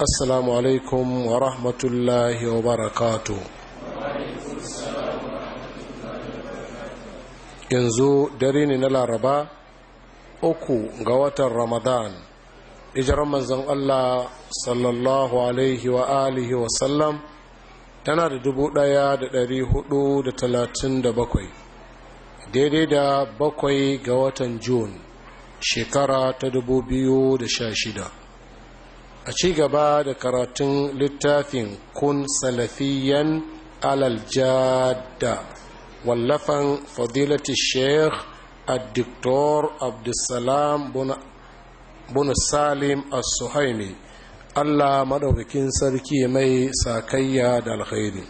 assalamu alaikum wa rahmatullahi wa barakatu yanzu dare ne na laraba uku ga watan ramadan ijiran manzan allah sallallahu alaihi wa alihi wa sallam tana da dubu daya da dari hudu da talatin da bakwai daidai da bakwai ga watan Jun shekara ta dubu biyu da sha shida a ci gaba da karatun littafin kun salafiyan alaljada wallafan fadilati sheikh addiktor abdulsalam bunu salim as-suhaimi allah madaukakin sarki mai sakayya da alkhairi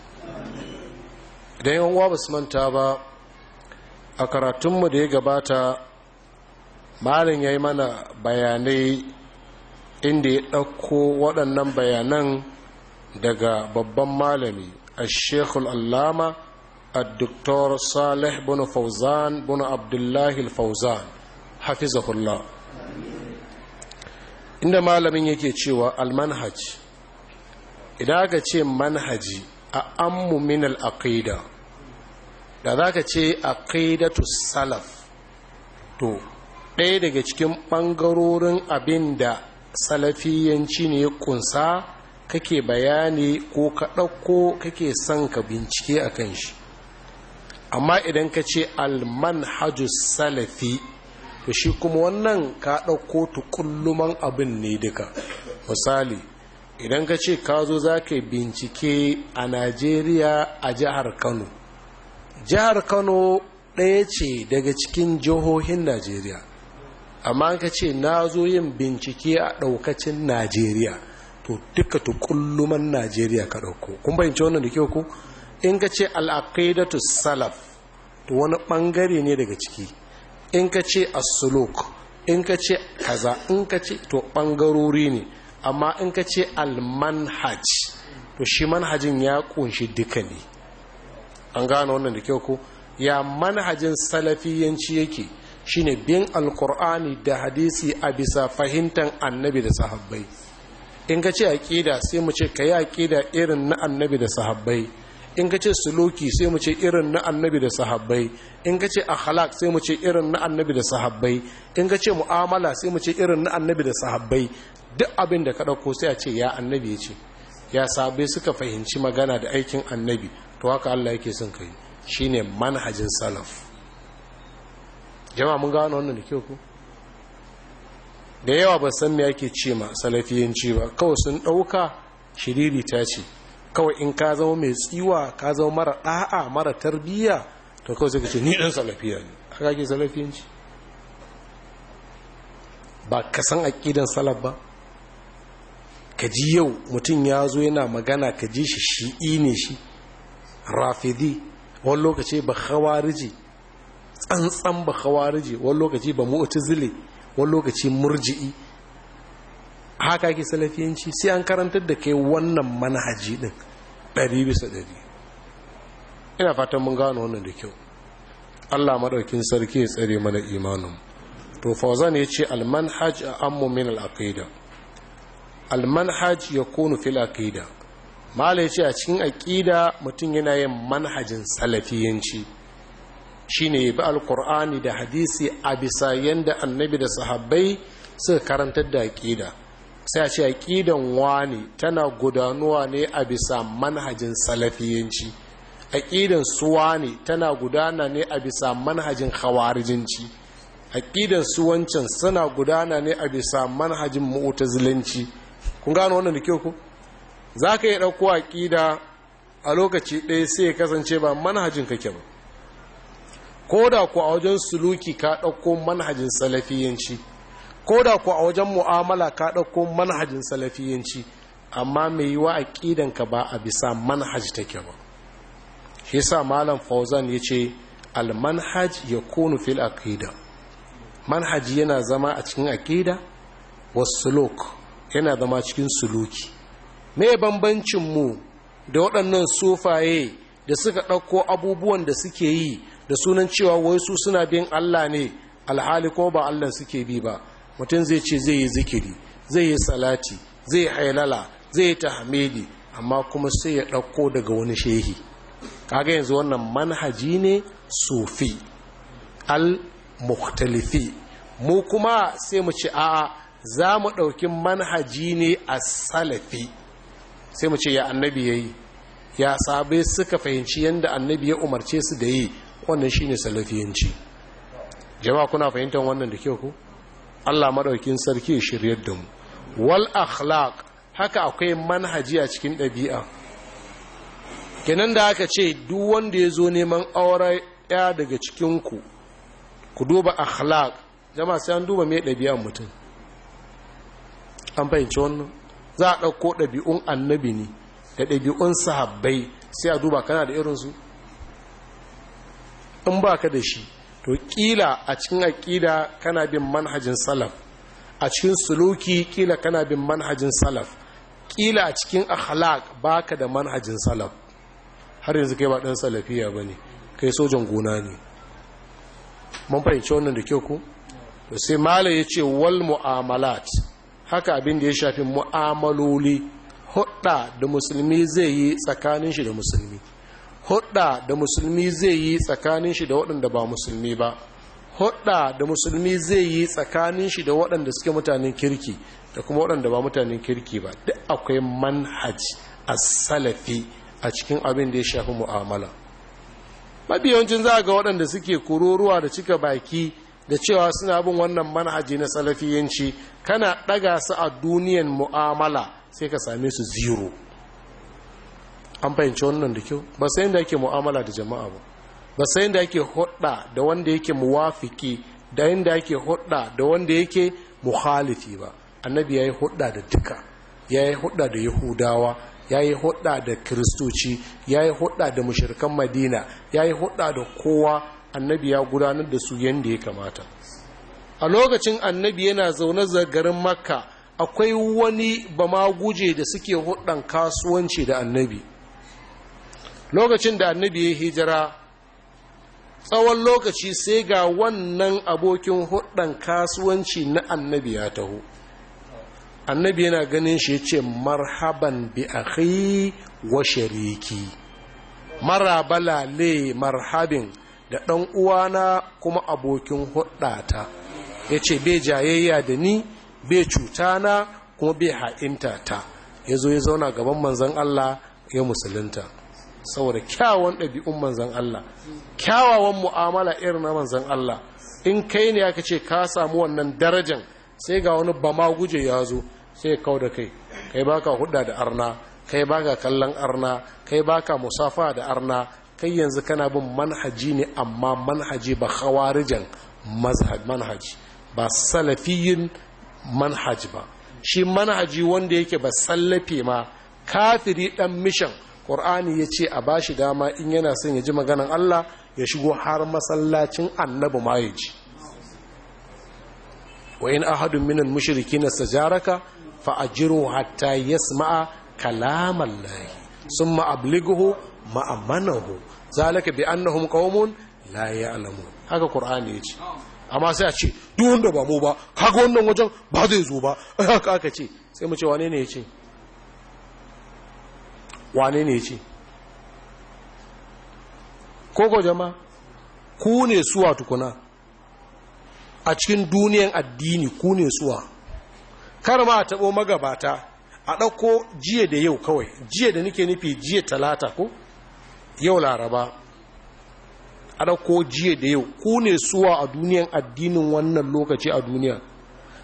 idan yan uwa basu manta ba a karatunmu da ya gabata malin ya yi mana bayanai inda ya ɗauko waɗannan bayanan daga babban malami a shekul allama a doktor salih bin fauzan bin abdullahi fauzan hafizahullah inda malamin yake cewa almanhaj idan aka ce manhaji a ammu min al'aqida da za ka ce aqidatu salaf to ɗaya daga cikin ɓangarorin abin da salafiyanci ne ya kunsa kake bayani ko ka ɗauko kake son ka bincike a kan shi amma idan ka ce almanhajus salafi to shi kuma wannan ka ɗauko tukulluman abin ne duka misali idan ka ce ka zo za ka bincike a najeriya a jihar kano jihar kano ɗaya ce daga cikin jihohin najeriya amma ka ce na zo yin bincike a ɗaukacin najeriya to duka tukulluman najeriya ka ɗauko kun bayanci wannan da kyau ku in ka ce al'aqidatu salaf to wani ɓangare ne daga ciki in ka ce asuluk in ka ce kaza in ka ce to ɓangarori ne amma in ka ce al to shi manhajin ya kunshi duka ne an gano wannan da kyau ku ya manhajin salafiyanci yake shine bin alkur'ani da hadisi a bisa fahimtar annabi da sahabbai in ka ce aƙida sai mu ce ka yi aƙida irin na annabi da sahabbai in ka ce suluki sai mu ce irin na annabi da sahabbai in ka ce akhlaq sai mu ce irin na annabi da sahabbai in ka ce mu'amala sai mu ce irin na annabi da sahabbai duk abin da ka ɗauko sai a ce ya annabi ya ce ya sabai suka fahimci magana da aikin annabi to haka Allah yake son kai shine manhajin salaf jama'a mun gano wannan da kyau ku da yawa ba san me ake ce ma salafiyanci ba kawai sun ɗauka shiriri ta ce kawai in ka zama mai tsiwa ka zama mara ɗa'a mara tarbiyya to kawai sai ka ce ni ɗan salafiya ne haka ke salafiyanci ba ka san aƙidan salaf ba ka ji yau mutum ya zo yana magana ka ji shi shi'i ne shi rafidi wani lokaci ba hawariji tsantsan ba khawarije wani lokaci ba zile wani lokaci murji'i haka ke salafiyanci sai an karantar da kai wannan manhaji din ɗari bisa ɗari ina fatan mun gano wannan da kyau Allah maɗaukin sarki ya tsare mana imanin to fauzan ya ce almanhaj a ammu min al'aqida almanhaj ya kunu fil aqida mala ya ce a cikin aƙida mutum yana yin manhajin salafiyanci shine bi alkur'ani da hadisi a bisa yadda annabi da sahabbai suka karantar da aƙida sai a ce aƙidan wani tana gudanuwa ne a bisa manhajin salafiyanci aƙidan wani tana gudana ne a bisa manhajin hawarijinci aƙidan wancan suna gudana ne a bisa manhajin mu'tazilanci kun gano wannan da kyau ku za ka yi ɗauko aƙida a lokaci ɗaya sai ya kasance ba manhajin kake ba ko da ku a wajen suluki ka ɗauko manhajin salafiyanci ko da ku a wajen mu'amala ka ɗauko manhajin salafiyanci amma mai yi a aƙidanka ba a bisa manhaj take ba shi sa malam fauzan ya ce almanhaj ya kunu fil aqida manhaji yana zama a cikin aƙida aqida suluk yana zama cikin suluki me bambancin mu da waɗannan sufaye da suka ɗauko abubuwan da suke yi da sunan cewa wai su suna bin Allah ne alhali ko ba Allah suke bi ba mutum zai ce zai yi zikiri zai yi salati zai hailala zai yi tahmidi amma kuma sai ya ɗauko daga wani shehi kaga yanzu wannan manhaji ne sufi al-mukhtalifi mu kuma sai mu ce a'a za mu ɗauki manhaji ne a salafi sai mu ce ya annabi ya yi ya sabai suka fahimci yadda annabi ya umarce su da yi wannan shine salafiyanci jama'a kuna fahimtar wannan da kyau ku Allah madaukin sarki ya shiryar da mu wal akhlaq haka akwai manhaji a cikin ɗabi'a kenan da aka ce duk wanda ya zo neman aure ya daga cikin ku duba akhlaq jama'a sai an duba me ɗabi'an mutum an fahimci wannan za a ɗauko ɗabi'un annabi ne da ɗabi'un sahabbai sai a duba kana da irin su. in ba ka da shi to kila a cikin aƙida kana bin manhajin salaf a cikin suluki kila kana bin manhajin salaf kila a cikin akhlaq ba ka da manhajin salaf har yanzu kai ba ɗan salafiya ba ne kai sojan gona ne mun fahimci wannan da kyau ku to sai mala ya ce wal mu'amalat haka abin da ya shafi mu'amaloli hudda da musulmi zai yi tsakanin shi da musulmi hudda da musulmi zai yi tsakanin shi da waɗanda ba musulmi ba hudda da musulmi zai yi tsakanin shi da waɗanda suke mutanen kirki da kuma waɗanda ba mutanen kirki ba duk akwai manhaj a salafi a cikin abin da ya shafi mu'amala mabiyancin za ga waɗanda suke kururuwa da cika baki da cewa suna bin wannan manhaji na salafiyanci kana ɗaga su a duniyan mu'amala sai ka same su zero an fahimci wannan da kyau ba sai da ake mu'amala da jama'a ba ba sai da ake hudda da wanda yake muwafiki da yanda ake hudda da wanda yake muhalifi ba annabi ya yi hudda da duka yi hudda da yahudawa ya yi hudda da Kiristoci, ya yi hudda da mushrikan madina ya yi hudda da kowa annabi ya gudanar da su yadda ya kamata a lokacin annabi yana zaune garin makka akwai wani ba ma guje da suke hudan kasuwanci da annabi lokacin da annabi ya hijira tsawon lokaci sai ga wannan abokin hudun kasuwanci na annabi ya taho annabi yana ganin shi ya ce marhaban bi akhi wa shariki marabala le marhabin da ɗan uwana kuma abokin hudata ya ce bai jayayya da ni bai na, kuma bai ha'inta ta ya zo ya zauna gaban manzan Allah ya musulunta saboda kyawawan ɗabi'un manzan Allah kyawawan mu'amala irin na manzan Allah in kai ne aka ce ka samu wannan darajan sai ga wani bama guje ya zo sai kau da kai kai baka hudda da arna kai baka kallon arna kai baka musafa da arna kai yanzu kana bin manhaji ne amma manhaji ba khawarijan manhaji ba salafiyin manhaji ba shi manhaji wanda yake ba sallafe ma kafiri dan mishan ƙur'ani ya ce a bashi dama in yana son ya ji maganan Allah ya shigo har masallacin annabi ma ya ji wa in ahadun minan mushriki na sajaraka fa ajiru hatta yasma'a kalaman lahi sun ma'abliguhu ma'amanahu zalaka bi annahum qaumun la ya'lamun haka ƙur'ani ya ce amma sai a ce duk wanda ba mu ba kaga wannan wajen ba zai zo ba haka aka ce sai mu ce wane ne ya ce wane ne ce koko jama ku ne suwa tukuna a cikin duniyan addini ku ne suwa kar ma a taɓo magabata a ɗauko jiya da yau kawai jiya da nake nufi jiya talata ko yau laraba a ɗauko jiya da yau ku ne suwa a duniyan addinin wannan lokaci a duniya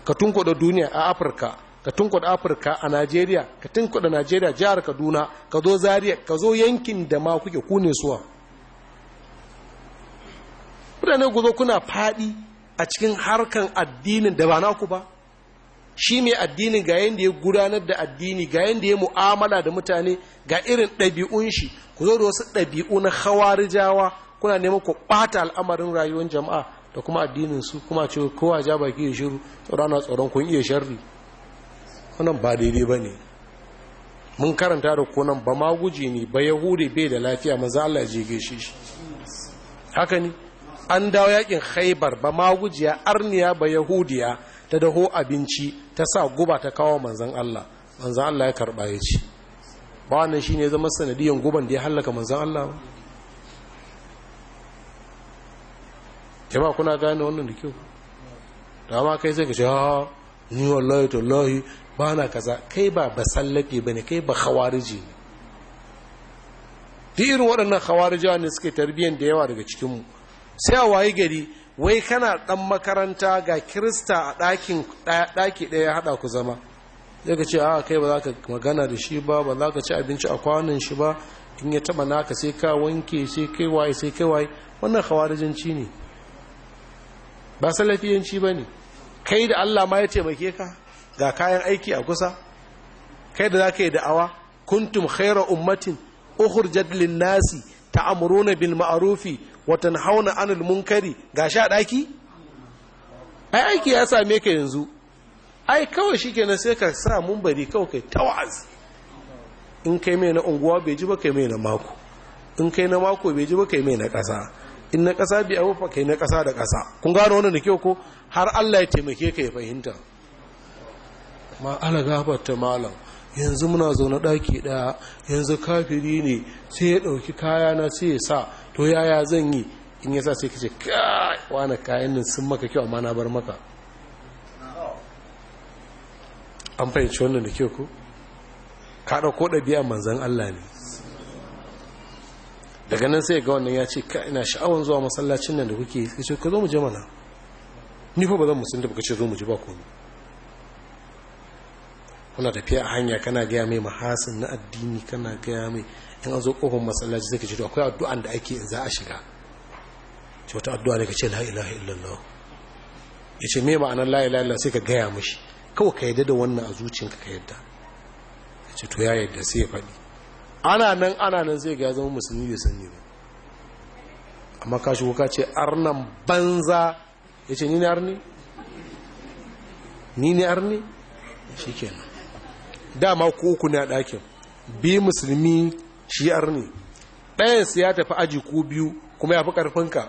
ka da duniya a afirka ka tunkuɗa afirka a najeriya ka tunkuɗa najeriya jihar kaduna ka zo zaria ka zo yankin da ma kuke kune suwa mutane ne kuna faɗi a cikin harkan addinin da ba naku ba shi mai addinin ga yadda ya gudanar da addini ga yadda ya mu'amala da mutane ga irin ɗabi'un shi ku zo da wasu ɗabi'u na hawarijawa kuna neman ku ɓata al'amarin rayuwar jama'a da kuma addinin su kuma ce kowa ja baki ya shiru tsoron tsoron kun iya sharri wannan ba daidai ba ne mun karanta da kunan ba ma guji ne ba yahudi bai da lafiya maza Allah je gaishe shi haka ne an dawo yakin haibar ba ma ya arniya ba yahudiya ta daho abinci ta sa guba ta kawo manzan Allah manzan Allah ya karba ya ci ba wannan shi ne zama sanadiyan guban da ya hallaka manzan Allah ba kuna gane wannan da kyau da ma kai sai ka ce ha ah, ni wallahi tallahi ba na kaza kai ba basallafi ba ne kai ba khawariji ne duk irin waɗannan hawarijawa ne suke tarbiyyar da yawa daga cikinmu sai a wayi gari wai kana ɗan makaranta ga kirista a ɗakin ɗaki ɗaya haɗa ku zama zai ka ce a kai ba za ka magana da shi ba ba za ka ci abinci a kwanan shi ba in ya taɓa naka sai ka wanke sai kai waye sai kai waye wannan khawarijinci ne ba salafiyanci ba ne kai da allah ma ya taimake ka ga kayan aiki a kusa kai da za ka yi da'awa kuntum khaira ummatin uhur jadlin nasi ta'muruna bil ma'rufi wa tanhauna 'anil munkari ga sha daki ai aiki ya same ka yanzu ai kawai na sai ka sa mun bari kawai kai tawaz in kai mai na unguwa bai ji ba kai mai na mako in kai na mako bai ji ba kai mai na ƙasa in na ƙasa bai abu fa kai na ƙasa da ƙasa kun gano wannan da kyau ko har Allah ya taimake ka ya fahimta ma ala ta malam yanzu muna zaune ɗaki ɗaya yanzu kafiri ne sai ya ɗauki kaya na sai ya sa to yaya zan yi in ya sa sai kace kai wani kayan nan sun maka kyau amma na bar maka an fahimci wannan da kyau ko ka ɗauko ɗabi'a manzan Allah ne daga nan sai ga wannan ya ce ka ina sha'awar zuwa masallacin nan da kuke ka ce ka zo mu je mana ni fa ba zan musulunta ba ka ce zo mu je ba komai kuna tafiya a hanya kana gaya mai mahasin na addini kana gaya mai in an zo kofar masallaci zai ka ce akwai addu'an da ake in za a shiga ce wata addu'a ne ka ce la illallah ya ce mai ma'anar la sai ka gaya mashi kawai ka yadda da wannan a zuciyanka ka yadda ya ce to ya yadda sai ya faɗi ana nan ana nan zai ga zama musulmi bai sani ba amma ka shigo ka ce arnan banza ya ce ni ne arni ni ne arni shi kenan dama ku uku ne a ɗakin bi musulmi shi'ar ne ɗayansu ya tafi aji ko biyu kuma ya fi ƙarfinka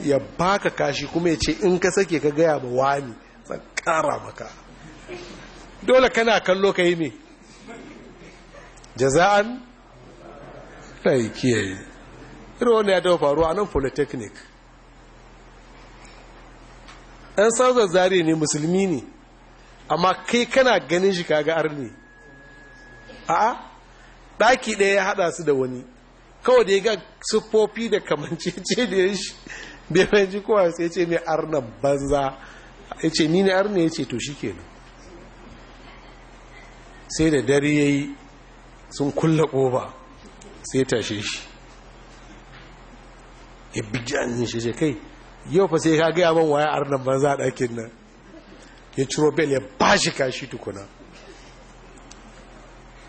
ya baka kashi kuma ya ce in ka sake ka gaya ba wani zan ƙara maka dole kana kallo ka yi ne jaza'an ɗai kiyaye irin wanda ya taɓa faruwa a nan polytechnic ɗan sauzar zare ne musulmi ne amma kai kana ganin shi kaga arni a ɗaki ɗaya ya haɗa su da wani kawai da ya ga siffofi da kamancece da ya shi bai mai ji kowa sai ce mai arna banza ya ce ni ne arna ya ce to shi kenan sai da dare ya yi sun kulla ƙoba sai tashe shi ya bijan shi kai yau fa sai ka gaya man waya Arna banza a ɗakin nan ya ciro bel ya ba shi kashi tukuna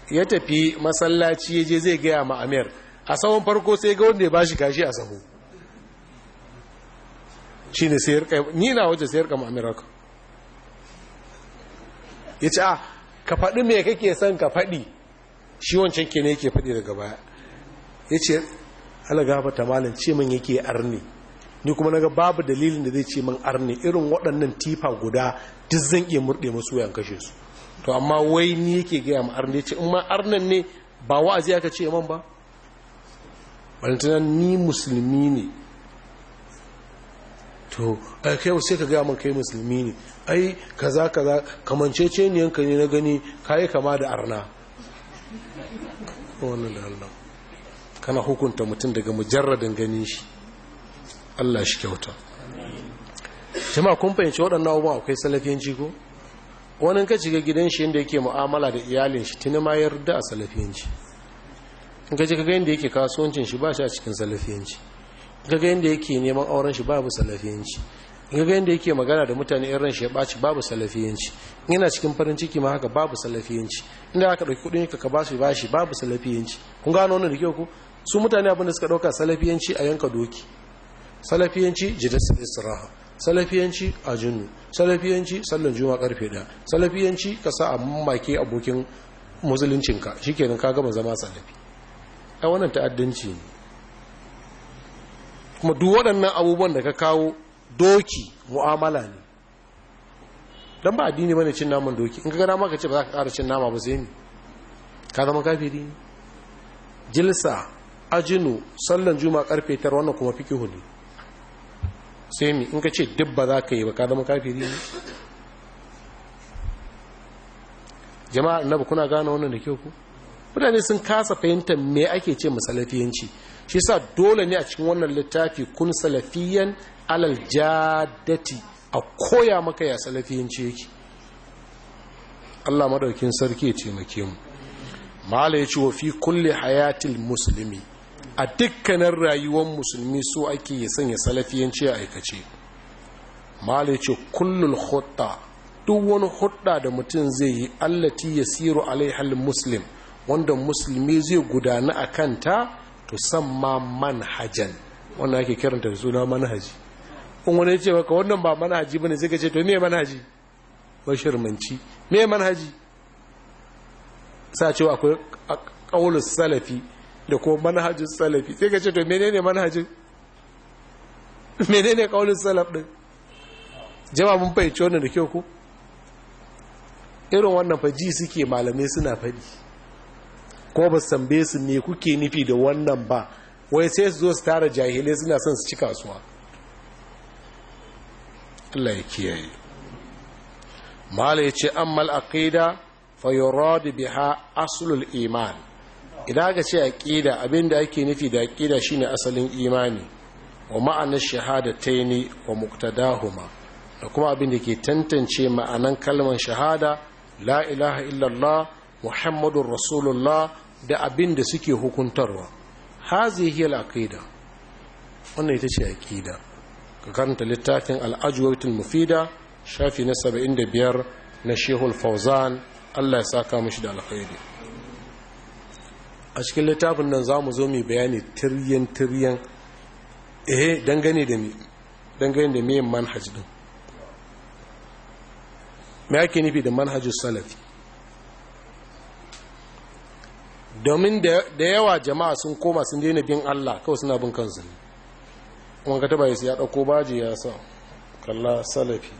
ya tafi masallaci ya je zai gaya ma amir a sahun farko sai ga wanda ya bashi kashi a sahu shi ne sayar yarka ni na waje sayar ka ma amir haka ya ce a ah, ka faɗi me kake son ka faɗi shi wancan ke ne yake faɗi daga baya ya ce ba ta malin ce min yake arni ni kuma naga babu dalilin da zai ce min arni irin waɗannan tifa guda duk zan iya murɗe masu wayan kashe su to amma wai ni yake gaya ma arne ce in ma arnan ne ba wa'azi aka ce man ba balantana ni musulmi ne to ai kai sai ka gaya man kai musulmi ne ai kaza kaza ce ne yanka ne na gani kayi kama da arna wannan da Allah kana hukunta mutum daga mujarradin ganin shi Allah shi kyauta jama'a kun fahimci waɗannan abubuwa akwai salafiyanci ko wani ka shiga gidan shi yadda yake mu'amala da iyalin shi tuni ma yarda a salafiyanci in ka gaya inda yadda yake kasuwancin shi ba shi a cikin salafiyanci in kaga yadda yake neman auren shi babu salafiyanci in kaga yadda yake magana da mutane irin shi ya ɓaci babu salafiyanci in yana cikin farin ciki ma haka babu salafiyanci inda aka ɗauki kuɗin ka ka ba su ba shi babu salafiyanci kun gano wannan da kyau ku su mutane abinda da suka ɗauka salafiyanci a yanka doki salafiyanci jidas israha salafiyanci a jinnu salafiyanci sallan juma karfe ɗaya salafiyanci ka sa a mamaki abokin musuluncinka shikenan ka gama zama salafi a wannan ta'addanci ne kuma duk waɗannan abubuwan da ka kawo doki mu'amala ne don ba addini mana cin naman doki in ka gana maka ce ba za ka ƙara cin nama ba sai ne ka zama kafiri ne jilsa ajinu sallan juma karfe tara wannan kuma fikihu ne sai mi in ka ce duk za ka yi ba ka zama kafiri ne jama'a annabi kuna gane wannan da kyau ku mutane sun kasa fahimta me ake ce masalafiyanci salafiyanci shi sa dole ne a cikin wannan littafi kun salafiyan alal jaddati a koya maka ya salafiyanci yake Allah madaukin sarki ya ce mu mala ya ce wa fi kulli hayatil muslimi a dukkanin rayuwar musulmi so ake ya sanya salafiyanci a aikace mala ce kullul hudda duk wani hudda da mutum zai yi allati ya siro alaihal muslim wanda musulmi zai gudana a kanta to ma manhajan wannan ake kiranta da suna manhaji in wani ya ce maka wannan ba manhaji bane zai gace to me manhaji bashirmanci me manhaji sa cewa akwai ƙaunar salafi da kuma manhajin salafi sai ka ce to menene manhajin menene kaulin salaf din jama mun fahimci wannan da kyau ko irin wannan faji suke malamai suna faɗi ko ba sambe su me kuke nufi da wannan ba wai sai su zo su tara jahilai suna son su ci kasuwa Allah ya kiyaye mala ya ce ammal aqida fa yurad biha aslul iman idan aka ce aqida abinda ake nufi da aqida shine asalin imani wa ma'anar shahadataini wa muqtadahuma da kuma abinda ke tantance ma'anan kalman shahada la ilaha illallah muhammadur rasulullah da abinda suke hukuntarwa hazihi al-aqida wannan ita ce aqida ka karanta littafin al-ajwatul mufida shafi na 75 na shehul fauzan Allah ya saka mishi da alkhairi a cikin littafin nan za mu zo mai bayani tiryan tiryan eh dangane da mi dangane da miyan manhaj din me ake nufi da manhajus salafi domin da yawa jama'a sun koma sun daina bin Allah kawai suna bin kansu ne kuma ka taba ya dauko baji ya sa kalla salafi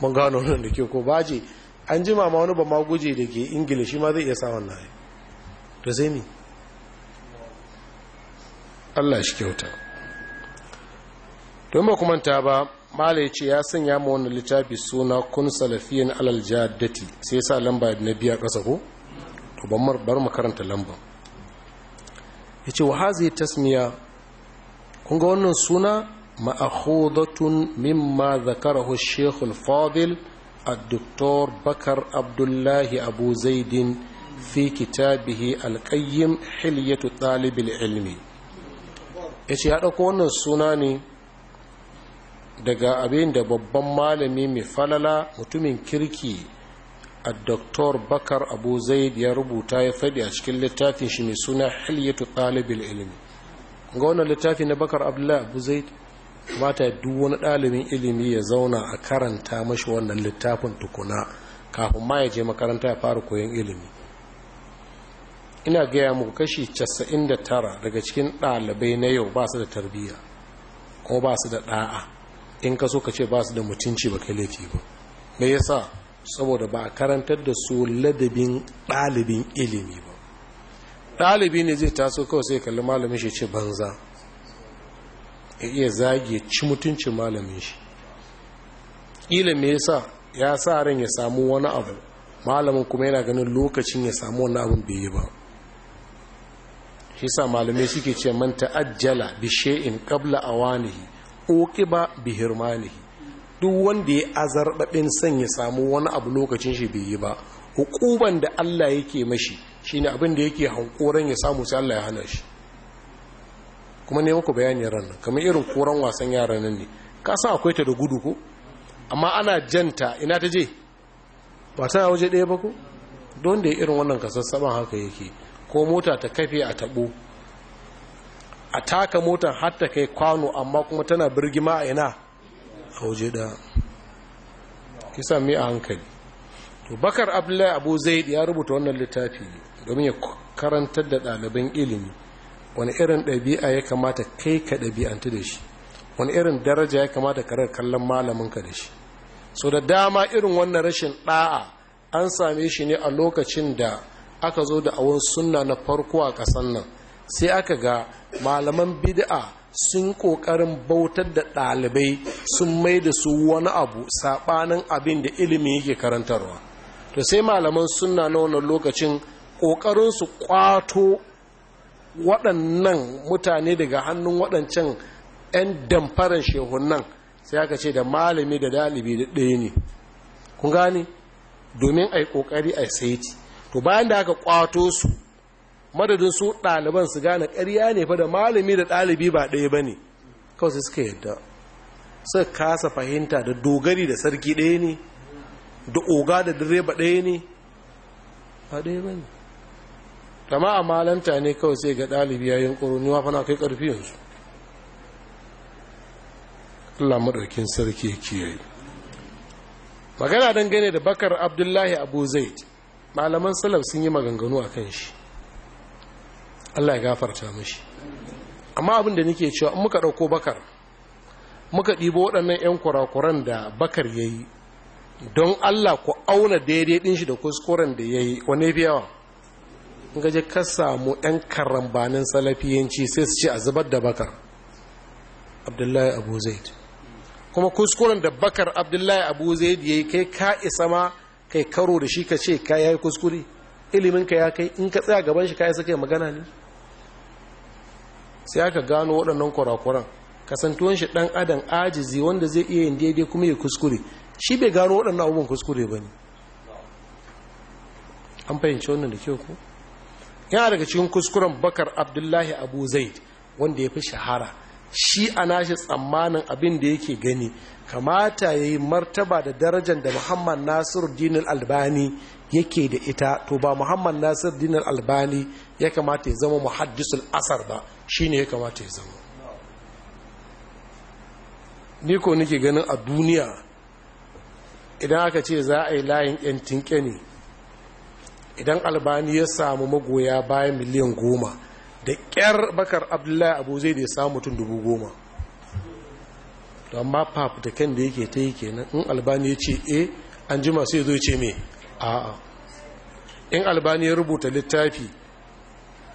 mun gano nan da ke ko baji an jima ma wani ba ma guje da ke ingila shi ma zai iya sa wannan to sai ne Allah shi kyauta don ba kuma ta ba malai ce ya sanya ma wani littafi suna kun salafiyan alal jaddati sai sa lamba na biya ƙasa ko to ban bar makaranta lamba ya ce wa hazi tasmiya kun wannan suna ma'akhudatun mimma zakarahu shekul fadil a dr bakar Abdullahi Abu-Zaidin. fi kitabihi alƙayyim hilyatu ɗalibin ilmi ya ce ya ɗauko wannan suna ne daga abin da babban malami mai falala mutumin kirki a doktor bakar abu zaid ya rubuta ya faɗi a cikin littafin shi mai suna hilyatu ɗalibin ilmi ga wannan littafi na bakar abdullahi abu zaid mata duk wani ɗalibin ilimi ya zauna a karanta mashi wannan littafin tukuna kafin ma ya je makaranta ya fara koyon ilimi ina gaya muku kashi 99 daga cikin ɗalibai na yau ba su da tarbiyya ko ba su da ɗa'a in ka so ka ce ba su da mutunci ba kai laifi ba me yasa saboda ba a karantar da su ladabin ɗalibin ilimi ba ɗalibi ne zai taso kawai sai kalli malamin shi ce banza ya iya zagi ci mutuncin malamin shi ƙila me yasa ya sa ran ya samu wani abu malamin kuma yana ganin lokacin ya samu wani abu bai yi ba shi sa malamai suke ce man ta'ajjala bi shay'in qabla awanihi uqiba bi hirmanihi duk wanda ya azarbabin san ya samu wani abu lokacin shi bai yi ba hukuban da Allah yake mashi shine abin da yake hankoran ya samu sai Allah ya hana shi kuma ne muku bayani ran kamar irin koran wasan yaran nan ne ka akwai ta da gudu ko amma ana janta ina ta je ba ta waje ɗaya ba ko don da irin wannan kasassaban haka yake ko mota ta kafe a tabo a taka motar har ta kai kwano amma kuma tana birgima a ina a waje da kisa mai a hankali to bakar abdullahi abu zaid ya rubuta wannan littafi domin ya karantar da ɗaliban ilimi wani irin ɗabi'a ya kamata kai ka ɗabi'anta da shi wani irin daraja ya kamata ka kallon malaminka da shi so da dama irin wannan rashin ɗa'a an same shi ne a lokacin da aka zo da awon sunna na farko a ƙasan nan sai aka ga malaman bid'a sun ƙoƙarin bautar da ɗalibai sun mai da su wani abu saɓanin abin da ilimi yake karantarwa to sai malaman sunna na wannan lokacin ƙoƙarin su ƙwato waɗannan mutane daga hannun waɗancan 'yan damfaran shehunan sai aka ce da malami da dalibi da ɗaya ne kun gane domin a yi ƙoƙari a saiti to bayan da aka kwato su madadin su ɗaliban su gane ƙarya ne fa da malami da ɗalibi ba ɗaya ba ne kawai suka yadda suka kasa fahimta da dogari da sarki ɗaya ne da oga da direba ɗaya ne ba ɗaya ba ne kama a malanta ne kawai sai ga ɗalibi yayin ƙoroniwa wafana kai ƙarfi yanzu Allah maɗaukin sarki ya kiyaye magana dangane da bakar abdullahi abu zaid malaman salaf sun yi maganganu a kan shi Allah ya gafarta mashi amma abin da nake cewa muka ɗauko bakar muka ɗibo waɗannan 'yan kurakuran da bakar ya yi don Allah ku auna daidai ɗin shi da kuskuren da ya yi wane fi yawa gaje ka samu 'yan karambanin salafiyanci sai su ce a zubar da bakar abdullahi abu zaid kuma kuskuren da bakar abdullahi abu zaid ya yi kai ka isa ma kai karo da shi ka ce ka yayi kuskure ilimin ka ya kai in ka tsaya gaban shi ka yi saka magana ne sai aka gano waɗannan kurakuran kasantuwan shi ɗan adam ajizi wanda zai iya yin daidai kuma ya kuskure shi bai gano waɗannan abubuwan kuskure ba ne an fahimci wannan da kyau ku yana daga cikin kuskuren bakar abdullahi abu zaid wanda ya fi shahara shi a nashi tsammanin abin da yake gani kamata ya yi martaba da darajar da muhammad nasiru dinar albani yake da ita to ba muhammad nasiru dinar albani ya kamata ya zama muhaddisul asar ba shi ne ya kamata ya zama ni ko nake ganin a duniya idan aka ce za a yi layin 'yan idan albani ya samu magoya bayan miliyan goma da ƙyar bakar abdullahi abu zai da ya samu mutum dubu goma to amma pap da kan da yake ta yi kenan in albani ya ce e an jima ya zo ce me a'a in albani ya rubuta littafi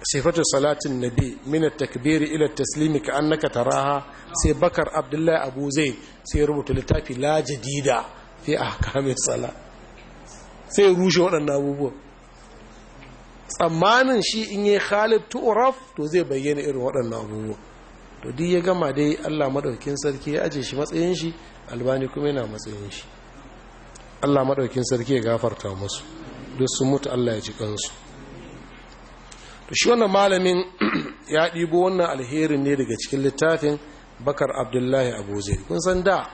sifatu salatin na bi, minar takbiri ilar taslimi ka annaka taraha sai bakar abdullahi abu zai sai rubuta littafi la jadida fi ahkamis sala sai rushe waɗannan abubuwa. tsammanin shi in yi khalid tu'raf to zai bayyana irin waɗannan abubuwa to duk ya gama dai Allah madaukin sarki ya aje shi matsayin shi albani kuma yana matsayin shi Allah madaukin sarki ya gafarta musu duk sun mutu Allah ya ji kansu to shi wannan malamin ya ɗibo wannan alherin ne daga cikin littafin bakar abdullahi abu zai kun san da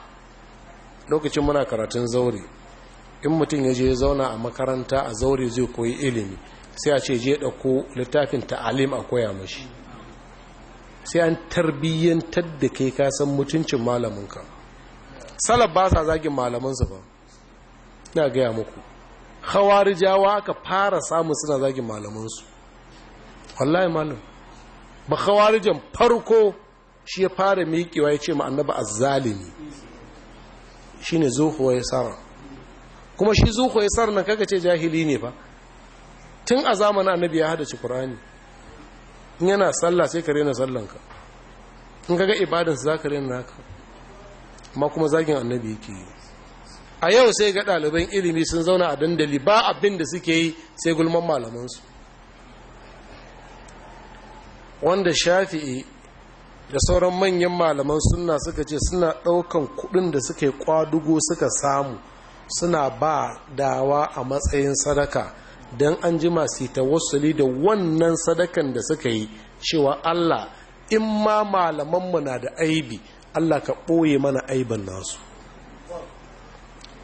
lokacin muna karatun zaure in mutum ya je zauna a makaranta a zaure zai koyi ilimi sai a ce je ɗauko littafin ta'alim a koya mashi sai an tarbiyyantar da kai kasan mutuncin malaminka salaf ba sa zagin malamansu ba na gaya muku jawa aka fara samun suna zagin malamansu wallahi malam ba jan farko shi ya fara miƙewa ya ce ma'annaba zalimi shi ne zuhuwa ya tsara kuma shi zuhuwa ya tsara nan kaka ce jahili ne ba tun a zamanin annabi ya hada qur'ani in yana sallah sai ka rena sallanka in kaga ibadan za ka rena naka amma kuma zagin annabi yake yi a yau sai ga ɗaliban ilimi sun zauna a dandali ba abin da suke yi sai gulman malamansu wanda shafi'i da sauran manyan malaman suna suka ce suna ɗaukan kuɗin da suke kwadugo suka samu suna ba dawa a matsayin sadaka don an ji masu tawassuli da wannan sadakan da suka yi cewa Allah in ma malamanmu na da aibi Allah ka ɓoye mana aibin nasu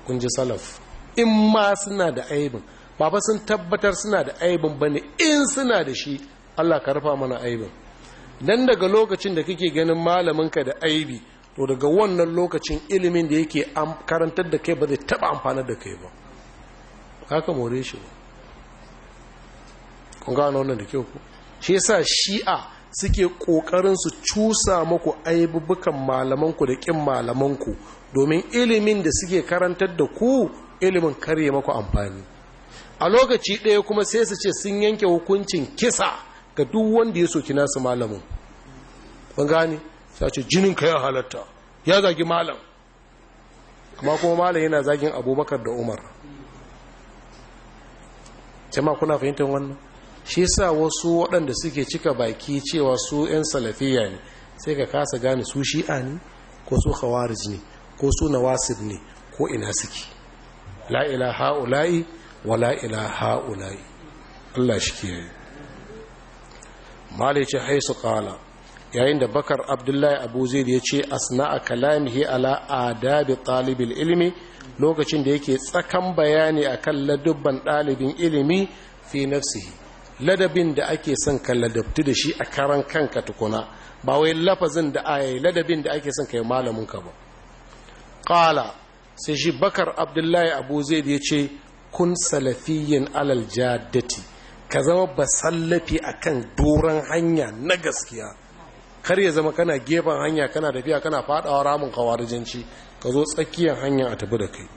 Kunji salaf in ma suna da aibin ba sun tabbatar suna da aibin ba ne in suna da shi Allah ka rufa mana aibin dan daga lokacin da kake ganin malaminka da aibi to daga wannan lokacin ilimin da yake karantar da kai ba zai taba amfanar da kai ba haka more shi ba kun gano wannan da kyau ku shi yasa shi'a suke kokarin su cusa muku aibubukan malamanku da kin malamanku domin ilimin da suke karantar da ku ilimin kare maku amfani a lokaci ɗaya kuma sai su ce sun yanke hukuncin kisa ga duk wanda ya soki nasu malamin ban gane sai ce jinin ka ya halatta ya zagi malam amma kuma malam yana zagin abubakar da umar jama'a kuna fahimtar wannan shi sa wasu waɗanda suke cika baki cewa su 'yan salafiya ne sai ka kasa gane su shi'a ne ko su khawarij ne ko su nawasir ne ko ina suke la ilaha wa la'ila ha'ula'i Allah shi ke malice haisu kala yayin da bakar abdullahi abu zai ya ce asna a kalamihi ala adabi talibin ilimi lokacin da yake tsakan bayani akan ladubban ɗalibin ilimi fi nafsihi ladabin da ake son ka ladabtu da shi a karan kanka tukuna ba wai lafazin da ayi ladabin da ake son ka yi malamin ka ba qala sai shi bakar abdullahi abu zaid ya ce kun salafiyyin alal jaddati ka zama basallafi kan doron hanya na gaskiya kar ya zama kana gefen hanya kana tafiya kana fadawa ramin kawarijinci ka zo tsakiyar hanya a tafi da kai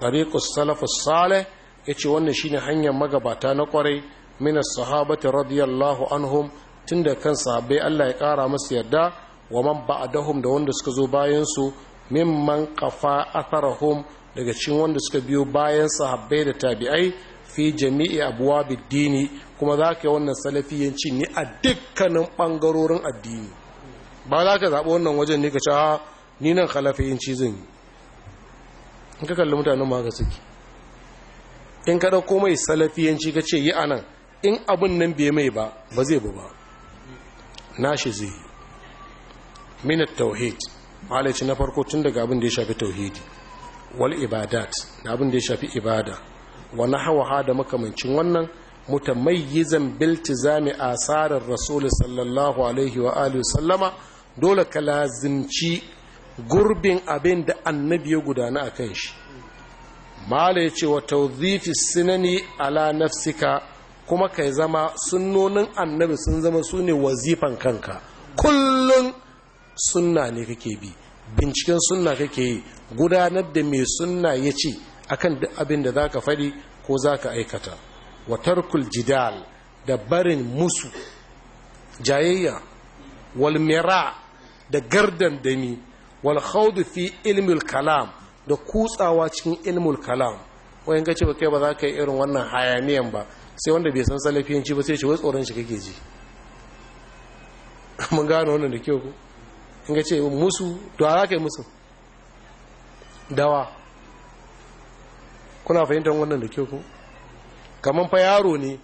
tariqus salafus salih ya ce wannan ne hanyar magabata na kwarai minas sahabati radiyallahu anhum tun da kan sahabbai Allah ya kara masu yarda wa man ba'dahum da wanda suka zo bayansu min man kafa atharahum daga cikin wanda suka biyo bayan sahabbai da tabi'ai fi jami'i abuwa biddini kuma za ka yi wannan salafiyanci ne a dukkanin ɓangarorin addini ba za ka zaɓi wannan wajen ne ka ci ni nan khalafiyanci zan yi in ka kalli mutanen ma ga suke in ka dauko mai salafiyanci ka ce yi anan in abin nan bai mai ba ba zai bu ba nashi zai minat tauhid malaci na farko tun daga abin da ya shafi tauhidi wal ibadat da abin da ya shafi ibada wa nahawaha da makamancin wannan mutamayyizan bil tizami asarar rasul sallallahu alaihi wa alihi sallama dole ka lazimci gurbin abin da annabi ya gudana kan shi mala ya ce wa tawzifi sinani ala nafsika kuma kai zama sunnonin annabi sun zama su ne wazifan kanka kullum sunna ne kake bi binciken sunna kake yi gudanar da mai sunna ya ce akan duk abin da za ka faɗi ko za ka aikata wa tarkul jidal da barin musu jayayya walmira da gardan dami wal fi ilmil kalam da kutsawa cikin ilmul kalam wayan gace ba kai ba za ka yi irin wannan hayaniyan ba sai wanda bai san salafiyanci ba sai ce wai tsoron shi kake ji mun gano wannan da kyau ko in ga ce musu da za ka yi musu dawa kuna fahimtar wannan da kyau ko kaman fa yaro ne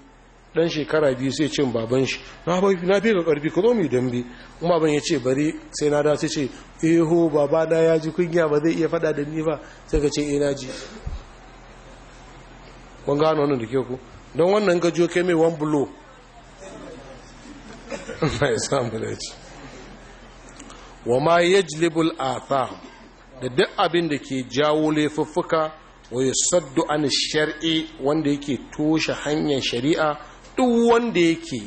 dan shekara biyu sai cin baban shi na bai na fi ga karfi ko mu bi. kuma ban yace bari sai na da sai ce eho baba da ya ji kunya ba zai iya fada da ni ba sai ka ce eh na ji kun gano wannan da ke ku don wannan ga joke mai one blow mai samu da ci wa ma yajlibul atham da duk abin da ke jawo laifuffuka wa yusaddu an shar'i wanda yake toshe hanyar shari'a duk wanda yake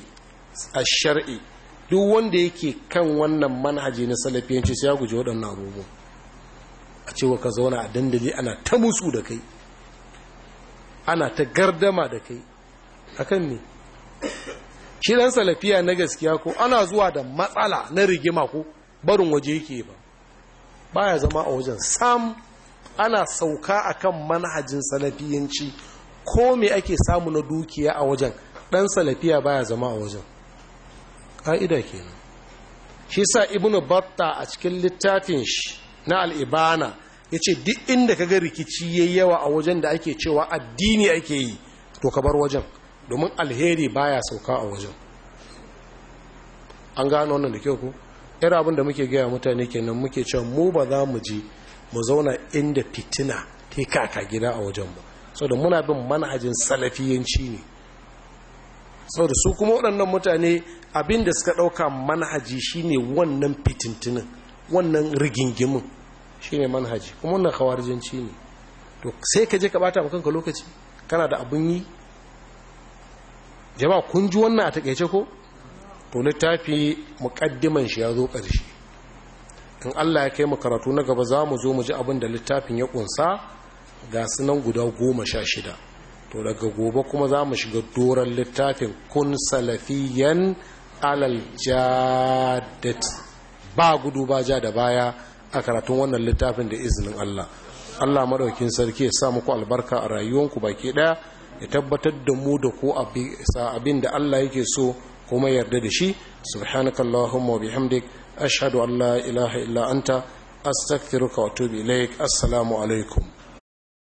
a shar'i duk wanda yake kan wannan manhaji na salafiyanci sai ya guji waɗannan abubuwan a cewa ka zauna a dandali ana ta musu da kai ana ta gardama da kai a kan ne shi dan salafiya na gaskiya ko ana zuwa da matsala na rigima ko barin waje yake ba baya zama a wajen sam ana sauka akan manhajin salafiyanci ko me ake samu na dukiya a wajen ɗan salafiya baya zama a wajen ƙa'ida kenan shi sa ibnu batta a cikin littafin shi na al'ibana ya ce duk inda ka ga rikici ya yawa a wajen da ake cewa addini ake yi to ka bar wajen domin alheri baya sauka a wajen an gano wannan da kyau ku irin abin da muke gaya mutane kenan muke cewa mu ba za mu je mu zauna inda fitina ta kaka gida a wajen ba saboda muna bin manhajin salafiyanci ne saboda su kuma waɗannan mutane abin da suka ɗauka manhaji shine wannan fitintinin wannan rigingimin shine manhaji kuma wannan kawarjanci ne to sai ka je ka bata kanka lokaci kana da abin yi jama'a kun ji wannan a takaice ko to littafi muqaddiman shi ya zo ƙarshe in Allah ya kai mu karatu na gaba za mu zo mu ji abin da littafin ya ƙunsa ga sunan guda goma sha shida to daga gobe kuma za mu shiga doron littafin kun salafiyan alal jadat ba gudu ba ja da baya a karatun wannan littafin da izinin Allah Allah madaukin sarki ya sa muku albarka a rayuwanku baki ɗaya ya tabbatar da mu da ko abin da Allah yake so kuma yarda da shi subhanakallahumma wa bihamdik ashhadu an la ilaha illa anta astaghfiruka wa atubu ilaik assalamu alaikum